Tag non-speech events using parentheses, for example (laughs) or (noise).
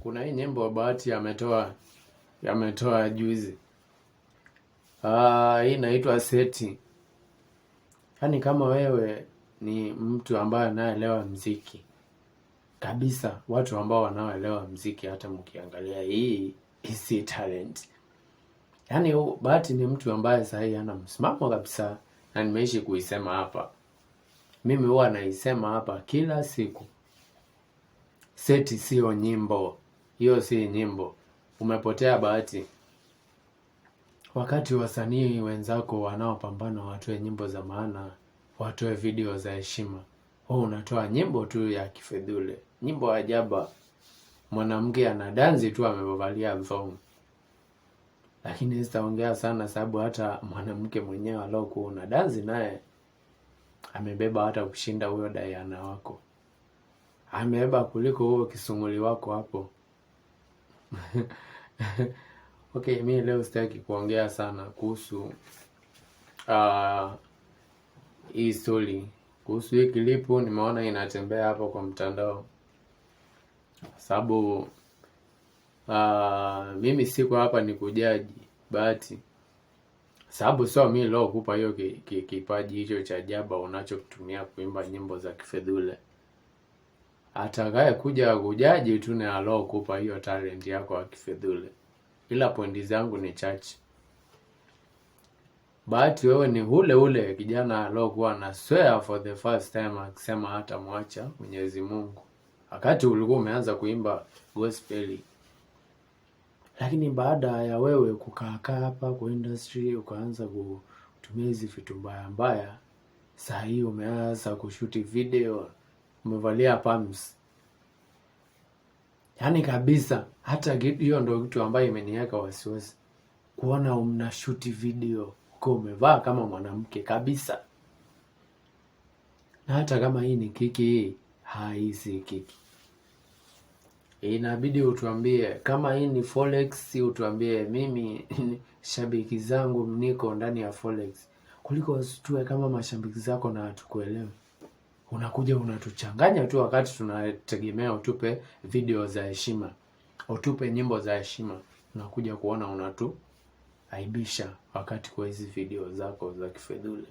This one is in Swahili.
Kuna hii nyimbo Bahati ametoa yametoa juzi. Ah, hii inaitwa Seti. Yaani kama wewe ni mtu ambaye anaelewa mziki kabisa, watu ambao wanaoelewa mziki, hata mkiangalia hii hisi talent. Yaani Bahati ni mtu ambaye sahi ana msimamo kabisa na nimeishi kuisema hapa. Mimi huwa naisema hapa kila siku. Seti sio nyimbo. Hiyo si nyimbo. Umepotea Bahati. Wakati wasanii wenzako wanaopambana watoe nyimbo za maana, watoe video za heshima, wewe unatoa nyimbo tu ya kifedhule, nyimbo ajaba mwanamke anadansi tu amevalia thong, lakini sitaongea sana sababu hata mwanamke mwenyewe aliokuwa na dansi naye amebeba hata kushinda huyo Diana wako, amebeba kuliko huyo kisunguli wako hapo. (laughs) Okay, mi leo sitaki kuongea sana kuhusu uh, hii stori kuhusu hii kilipu nimeona inatembea hapo kwa mtandao sababu uh, mimi siko hapa ni kujaji Bahati, sababu sio mimi nilokupa hiyo kipaji hicho cha jaba unachotumia kuimba nyimbo za kifedhule. Atakaye kuja kujaji tu ni alokupa hiyo talent yako ya kifedhule, ila pointi zangu ni chache. Bahati, wewe ni ule ule kijana alokuwa na swear for the first time akisema hata mwacha Mwenyezi Mungu wakati ulikuwa umeanza kuimba gospel, lakini baada ya wewe kukaakaa hapa kwa industry ukaanza kutumia hizi vitu mbaya mbaya, saa hii umeanza kushuti video, umevalia pams, yaani kabisa. Hata hiyo ndio kitu ambayo imeniweka wasiwasi kuona mnashuti video uko umevaa kama mwanamke kabisa, na hata kama hii ni kiki, hii haisi kiki inabidi utuambie kama hii ni forex, utuambie mimi (laughs) shabiki zangu mniko ndani ya forex, kuliko situe kama mashabiki zako na hatukuelewi unakuja unatuchanganya tu wakati tunategemea utupe video za heshima, utupe nyimbo za heshima, unakuja kuona unatuaibisha wakati kwa hizi video zako za kifedhuli.